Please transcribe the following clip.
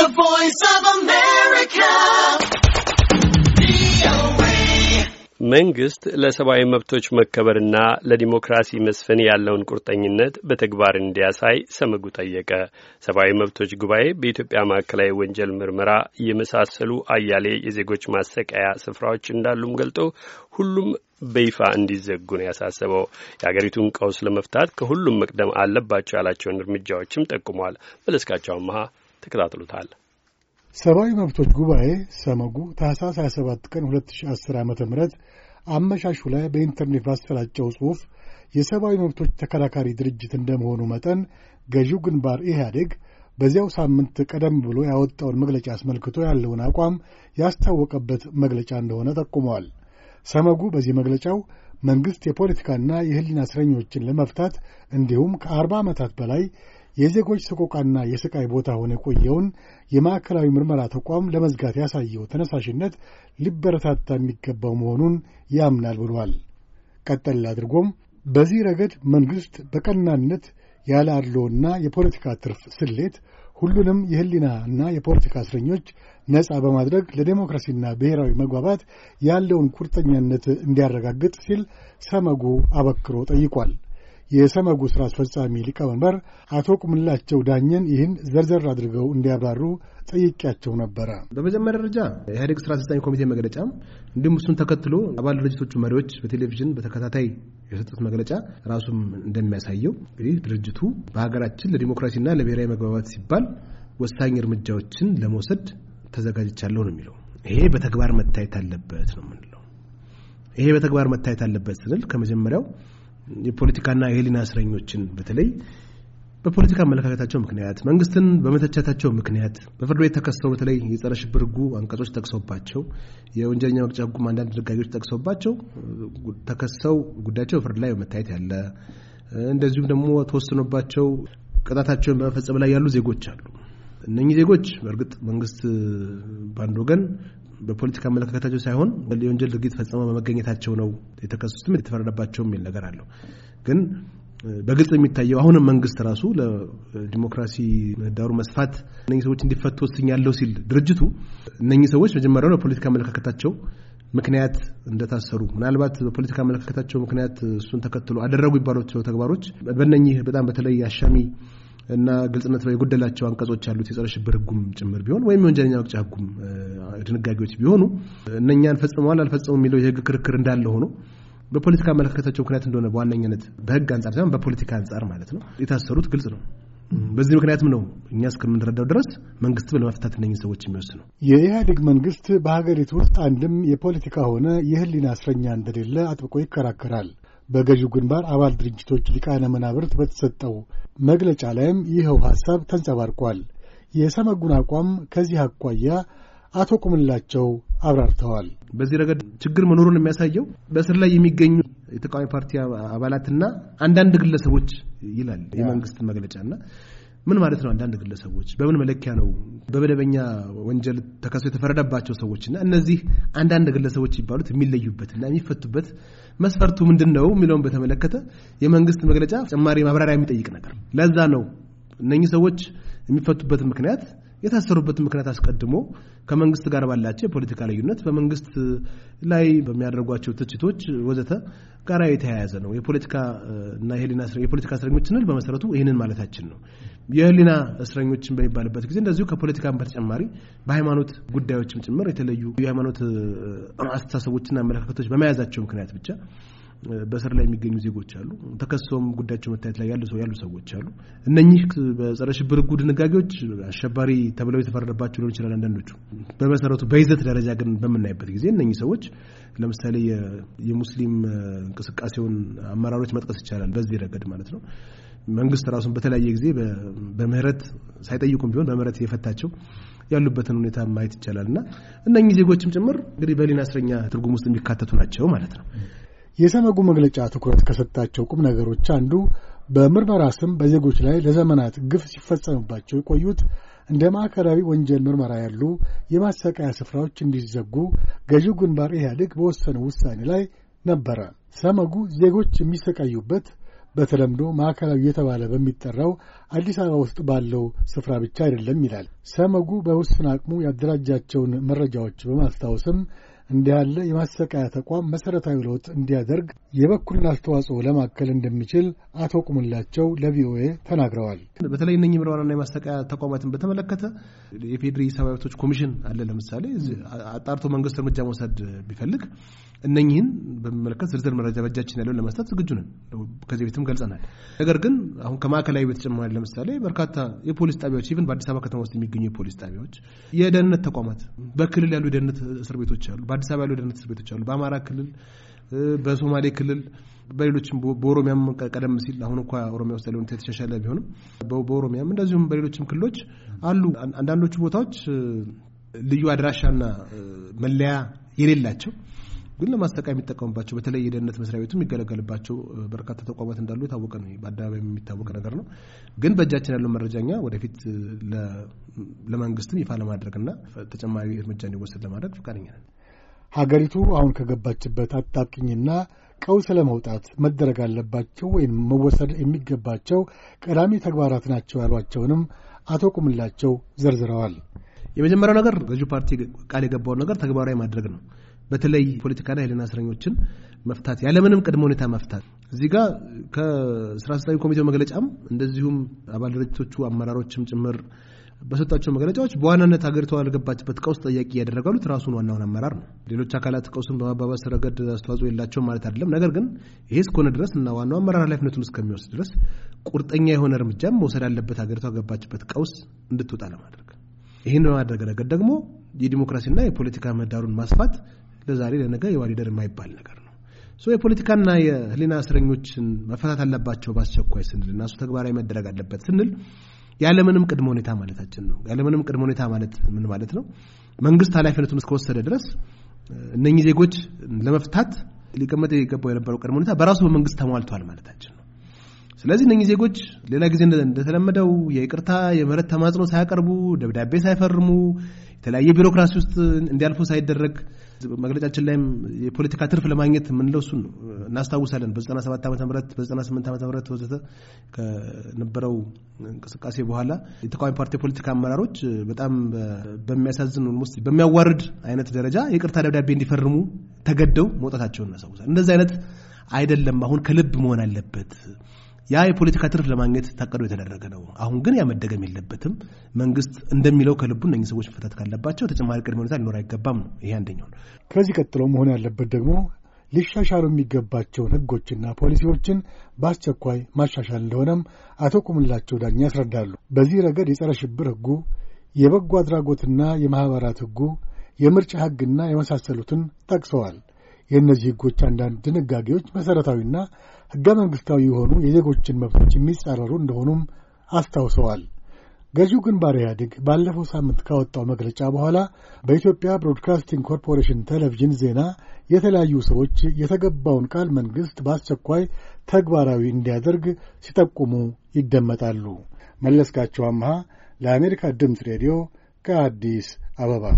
The Voice of America. መንግስት ለሰብአዊ መብቶች መከበርና ለዲሞክራሲ መስፈን ያለውን ቁርጠኝነት በተግባር እንዲያሳይ ሰመጉ ጠየቀ። ሰብአዊ መብቶች ጉባኤ በኢትዮጵያ ማዕከላዊ ወንጀል ምርመራ የመሳሰሉ አያሌ የዜጎች ማሰቃያ ስፍራዎች እንዳሉም ገልጦ ሁሉም በይፋ እንዲዘጉ ነው ያሳሰበው። የአገሪቱን ቀውስ ለመፍታት ከሁሉም መቅደም አለባቸው ያላቸውን እርምጃዎችም ጠቁሟል። መለስካቸው አመሃ ተከታትሉታል። ሰብአዊ መብቶች ጉባኤ ሰመጉ ታህሳስ 27 ቀን 2010 ዓ ም አመሻሹ ላይ በኢንተርኔት ባሰራጨው ጽሑፍ የሰብአዊ መብቶች ተከራካሪ ድርጅት እንደመሆኑ መጠን ገዢው ግንባር ኢህአዴግ በዚያው ሳምንት ቀደም ብሎ ያወጣውን መግለጫ አስመልክቶ ያለውን አቋም ያስታወቀበት መግለጫ እንደሆነ ጠቁመዋል። ሰመጉ በዚህ መግለጫው መንግሥት የፖለቲካና የህሊና እስረኞችን ለመፍታት እንዲሁም ከአርባ ዓመታት በላይ የዜጎች ሰቆቃና የስቃይ ቦታ ሆነ የቆየውን የማዕከላዊ ምርመራ ተቋም ለመዝጋት ያሳየው ተነሳሽነት ሊበረታታ የሚገባው መሆኑን ያምናል ብሏል። ቀጠል አድርጎም በዚህ ረገድ መንግሥት በቀናነት ያለ አድሎና የፖለቲካ ትርፍ ስሌት ሁሉንም እና የፖለቲካ እስረኞች ነፃ በማድረግ ለዴሞክራሲና ብሔራዊ መግባባት ያለውን ቁርጠኛነት እንዲያረጋግጥ ሲል ሰመጉ አበክሮ ጠይቋል። የሰመጉ ሥራ አስፈጻሚ ሊቀመንበር አቶ ቁምላቸው ዳኘን ይህን ዘርዘር አድርገው እንዲያብራሩ ጠይቄያቸው ነበረ። በመጀመሪያ ደረጃ የኢህአዴግ ስራ አስፈጻሚ ኮሚቴ መግለጫ እንዲሁም እሱን ተከትሎ አባል ድርጅቶቹ መሪዎች በቴሌቪዥን በተከታታይ የሰጡት መግለጫ ራሱም እንደሚያሳየው እንግዲህ ድርጅቱ በሀገራችን ለዲሞክራሲና ለብሔራዊ መግባባት ሲባል ወሳኝ እርምጃዎችን ለመውሰድ ተዘጋጅቻለሁ ነው የሚለው። ይሄ በተግባር መታየት አለበት ነው የምንለው። ይሄ በተግባር መታየት አለበት ስንል ከመጀመሪያው የፖለቲካና የህሊና እስረኞችን በተለይ በፖለቲካ አመለካከታቸው ምክንያት መንግስትን በመተቸታቸው ምክንያት በፍርድ ቤት ተከሰው በተለይ የጸረ ሽብር ህጉ አንቀጾች ጠቅሶባቸው የወንጀለኛ መቅጫ ህጉም አንዳንድ ድንጋጌዎች ጠቅሶባቸው ተከሰው ጉዳያቸው ፍርድ ላይ መታየት ያለ እንደዚሁም ደግሞ ተወስኖባቸው ቅጣታቸውን በመፈጸም ላይ ያሉ ዜጎች አሉ። እነኚህ ዜጎች በእርግጥ መንግስት በአንድ ወገን በፖለቲካ አመለካከታቸው ሳይሆን የወንጀል ድርጊት ፈጽመው በመገኘታቸው ነው የተከሰሱትም የተፈረደባቸው የሚል ነገር አለው ግን በግልጽ የሚታየው አሁንም መንግስት ራሱ ለዲሞክራሲ ምህዳሩ መስፋት እነኚህ ሰዎች እንዲፈቱ ወስኛለሁ ሲል ድርጅቱ እነኚህ ሰዎች መጀመሪያው ለፖለቲካ አመለካከታቸው ምክንያት እንደታሰሩ ምናልባት በፖለቲካ አመለካከታቸው ምክንያት እሱን ተከትሎ አደረጉ ይባሏቸው ተግባሮች በነህ በጣም በተለይ አሻሚ እና ግልጽነት የጎደላቸው አንቀጾች ያሉት የጸረ ሽብር ህጉም ጭምር ቢሆን ወይም የወንጀለኛ መቅጫ ህጉም ድንጋጌዎች ቢሆኑ እነኛን ፈጽመዋል አልፈጸሙም የሚለው የህግ ክርክር እንዳለ ሆኖ በፖለቲካ አመለካከታቸው ምክንያት እንደሆነ በዋነኝነት በህግ አንጻር ሳይሆን በፖለቲካ አንጻር ማለት ነው የታሰሩት ግልጽ ነው። በዚህ ምክንያትም ነው እኛ እስከምንረዳው ድረስ መንግስት ለመፍታት እነኝህ ሰዎች ነው። የኢህአዴግ መንግስት በሀገሪቱ ውስጥ አንድም የፖለቲካ ሆነ የህሊና እስረኛ እንደሌለ አጥብቆ ይከራከራል። በገዢው ግንባር አባል ድርጅቶች ሊቃነ መናብርት በተሰጠው መግለጫ ላይም ይኸው ሐሳብ ተንጸባርቋል። የሰመጉን አቋም ከዚህ አኳያ አቶ ቁምላቸው አብራርተዋል። በዚህ ረገድ ችግር መኖሩን የሚያሳየው በእስር ላይ የሚገኙ የተቃዋሚ ፓርቲ አባላትና አንዳንድ ግለሰቦች ይላል የመንግስት መግለጫና ምን ማለት ነው? አንዳንድ ግለሰቦች በምን መለኪያ ነው በመደበኛ ወንጀል ተከሶ የተፈረደባቸው ሰዎችና እነዚህ አንዳንድ ግለሰቦች ይባሉት እና የሚፈቱበት መስፈርቱ ምንድን ነው የሚለውን በተመለከተ የመንግስት መግለጫ ጭማሪ ማብራሪያ የሚጠይቅ ነገር። ለዛ ነው እነኚህ ሰዎች የሚፈቱበት ምክንያት የታሰሩበት ምክንያት አስቀድሞ ከመንግስት ጋር ባላቸው የፖለቲካ ልዩነት በመንግስት ላይ በሚያደርጓቸው ትችቶች ወዘተ ጋር የተያያዘ ነው። የፖለቲካ እና የህሊና የፖለቲካ እስረኞች ስንል በመሰረቱ ይህንን ማለታችን ነው። የህሊና እስረኞችን በሚባልበት ጊዜ እንደዚሁ ከፖለቲካ በተጨማሪ በሃይማኖት ጉዳዮችም ጭምር የተለዩ የሃይማኖት አስተሳሰቦችና አመለካከቶች በመያዛቸው ምክንያት ብቻ በእስር ላይ የሚገኙ ዜጎች አሉ። ተከሰውም ጉዳያቸው መታየት ላይ ያሉ ያሉ ሰዎች አሉ። እነኚህ በጸረ ሽብር ህጉ ድንጋጌዎች አሸባሪ ተብለው የተፈረደባቸው ሊሆን ይችላል። አንዳንዶቹ በመሰረቱ በይዘት ደረጃ ግን በምናይበት ጊዜ እነኚህ ሰዎች ለምሳሌ የሙስሊም እንቅስቃሴውን አመራሮች መጥቀስ ይቻላል። በዚህ ረገድ ማለት ነው መንግስት ራሱን በተለያየ ጊዜ በምህረት ሳይጠይቁም ቢሆን በምህረት የፈታቸው ያሉበትን ሁኔታ ማየት ይቻላል እና እነኚህ ዜጎችም ጭምር እንግዲህ በሊና እስረኛ ትርጉም ውስጥ የሚካተቱ ናቸው ማለት ነው። የሰመጉ መግለጫ ትኩረት ከሰጣቸው ቁም ነገሮች አንዱ በምርመራ ስም በዜጎች ላይ ለዘመናት ግፍ ሲፈጸምባቸው የቆዩት እንደ ማዕከላዊ ወንጀል ምርመራ ያሉ የማሰቃያ ስፍራዎች እንዲዘጉ ገዢው ግንባር ኢህአዴግ በወሰነው ውሳኔ ላይ ነበረ። ሰመጉ ዜጎች የሚሰቃዩበት በተለምዶ ማዕከላዊ እየተባለ በሚጠራው አዲስ አበባ ውስጥ ባለው ስፍራ ብቻ አይደለም ይላል ሰመጉ በውስን አቅሙ ያደራጃቸውን መረጃዎች በማስታወስም እንዲህ ያለ የማሰቃያ ተቋም መሠረታዊ ለውጥ እንዲያደርግ የበኩልን አስተዋጽኦ ለማከል እንደሚችል አቶ ቁምላቸው ለቪኦኤ ተናግረዋል። በተለይ እነህ ምርመራና የማሰቃያ ተቋማትን በተመለከተ የፌዴሪ ሰብአዊ መብቶች ኮሚሽን አለ። ለምሳሌ አጣርቶ መንግስት እርምጃ መውሰድ ቢፈልግ እነህን በሚመለከት ዝርዝር መረጃ በእጃችን ያለውን ለመስጠት ዝግጁ ነን። ከዚህ በፊትም ገልጸናል። ነገር ግን አሁን ከማዕከላዊ በተጨማሪ ለምሳሌ በርካታ የፖሊስ ጣቢያዎች ን በአዲስ አበባ ከተማ ውስጥ የሚገኙ የፖሊስ ጣቢያዎች፣ የደህንነት ተቋማት፣ በክልል ያሉ የደህንነት እስር ቤቶች አሉ። በአዲስ አበባ ያሉ የደህንነት እስር ቤቶች አሉ። በአማራ ክልል፣ በሶማሌ ክልል፣ በሌሎችም በኦሮሚያም ቀደም ሲል አሁን እንኳ ኦሮሚያ ውስጥ ያለው የተሻሻለ ቢሆንም በኦሮሚያም እንደዚሁም በሌሎችም ክልሎች አሉ። አንዳንዶቹ ቦታዎች ልዩ አድራሻና መለያ የሌላቸው ግን ለማስጠቃ የሚጠቀሙባቸው በተለይ የደህንነት መስሪያ ቤቱ የሚገለገልባቸው በርካታ ተቋማት እንዳሉ የታወቀ ነው። በአደባባይ የሚታወቅ ነገር ነው። ግን በእጃችን ያለው መረጃኛ ወደፊት ለመንግስትም ይፋ ለማድረግና ተጨማሪ እርምጃ እንዲወሰድ ለማድረግ ፈቃደኛ ነን። ሀገሪቱ አሁን ከገባችበት አጣብቂኝና ቀውስ ለመውጣት መደረግ አለባቸው ወይም መወሰድ የሚገባቸው ቀዳሚ ተግባራት ናቸው ያሏቸውንም አቶ ቁምላቸው ዘርዝረዋል። የመጀመሪያው ነገር ገዢ ፓርቲ ቃል የገባውን ነገር ተግባራዊ ማድረግ ነው። በተለይ ፖለቲካና የሕሊና እስረኞችን መፍታት ያለምንም ቅድመ ሁኔታ መፍታት። እዚህ ጋር ከስራ አስፈጻሚ ኮሚቴው መግለጫም እንደዚሁም አባል ድርጅቶቹ አመራሮችም ጭምር በሰጣቸው መግለጫዎች በዋናነት ሀገሪቷ ያልገባችበት ቀውስ ጠያቂ እያደረጉ ያሉት ራሱን ዋናውን አመራር ነው። ሌሎች አካላት ቀውሱን በማባባስ ረገድ አስተዋጽኦ የላቸው ማለት አይደለም። ነገር ግን ይሄ እስከሆነ ድረስ እና ዋናው አመራር ኃላፊነቱን እስከሚወስድ ድረስ ቁርጠኛ የሆነ እርምጃም መውሰድ አለበት ሀገሪቷ ገባችበት ቀውስ እንድትወጣ ለማድረግ። ይህን በማድረግ ረገድ ደግሞ የዲሞክራሲና የፖለቲካ ምህዳሩን ማስፋት ለዛሬ ለነገ የዋሊደር የማይባል ነገር ነው። የፖለቲካና የህሊና እስረኞችን መፈታት አለባቸው በአስቸኳይ ስንል እና እሱ ተግባራዊ መደረግ አለበት ስንል ያለምንም ቅድመ ሁኔታ ማለታችን ነው። ያለምንም ቅድመ ሁኔታ ማለት ምን ማለት ነው? መንግስት ኃላፊነቱን እስከወሰደ ድረስ እነኚህ ዜጎች ለመፍታት ሊቀመጥ የገባው የነበረው ቅድመ ሁኔታ በራሱ በመንግስት ተሟልቷል ማለታችን ነው። ስለዚህ እነኚህ ዜጎች ሌላ ጊዜ እንደተለመደው የይቅርታ የምህረት ተማጽኖ ሳያቀርቡ ደብዳቤ ሳይፈርሙ የተለያየ ቢሮክራሲ ውስጥ እንዲያልፉ ሳይደረግ መግለጫችን ላይም የፖለቲካ ትርፍ ለማግኘት የምንለው እሱን ነው። እናስታውሳለን። በ97 ዓ ም በ98 ዓ ም ወዘተ ከነበረው እንቅስቃሴ በኋላ የተቃዋሚ ፓርቲ የፖለቲካ አመራሮች በጣም በሚያሳዝን ውስጥ በሚያዋርድ አይነት ደረጃ የቅርታ ደብዳቤ እንዲፈርሙ ተገደው መውጣታቸውን እናስታውሳለን። እንደዚህ አይነት አይደለም፣ አሁን ከልብ መሆን አለበት ያ የፖለቲካ ትርፍ ለማግኘት ታቀዶ የተደረገ ነው። አሁን ግን ያ መደገም የለበትም። መንግስት እንደሚለው ከልቡ እነኝህ ሰዎች መፈታት ካለባቸው ተጨማሪ ቅድመ ሁኔታ ሊኖር አይገባም ነው። ይሄ አንደኛው ነው። ከዚህ ቀጥሎ መሆን ያለበት ደግሞ ሊሻሻሉ የሚገባቸውን ህጎችና ፖሊሲዎችን በአስቸኳይ ማሻሻል እንደሆነም አቶ ቁምላቸው ዳኛ ያስረዳሉ። በዚህ ረገድ የጸረ ሽብር ህጉ፣ የበጎ አድራጎትና የማኅበራት ህጉ የምርጫ ህግና የመሳሰሉትን ጠቅሰዋል። የእነዚህ ህጎች አንዳንድ ድንጋጌዎች መሠረታዊና ሕገ መንግሥታዊ የሆኑ የዜጎችን መብቶች የሚጻረሩ እንደሆኑም አስታውሰዋል። ገዢው ግንባር ኢህአዴግ ባለፈው ሳምንት ካወጣው መግለጫ በኋላ በኢትዮጵያ ብሮድካስቲንግ ኮርፖሬሽን ቴሌቪዥን ዜና የተለያዩ ሰዎች የተገባውን ቃል መንግሥት በአስቸኳይ ተግባራዊ እንዲያደርግ ሲጠቁሙ ይደመጣሉ። መለስካቸው አምሃ ለአሜሪካ ድምፅ ሬዲዮ ከአዲስ አበባ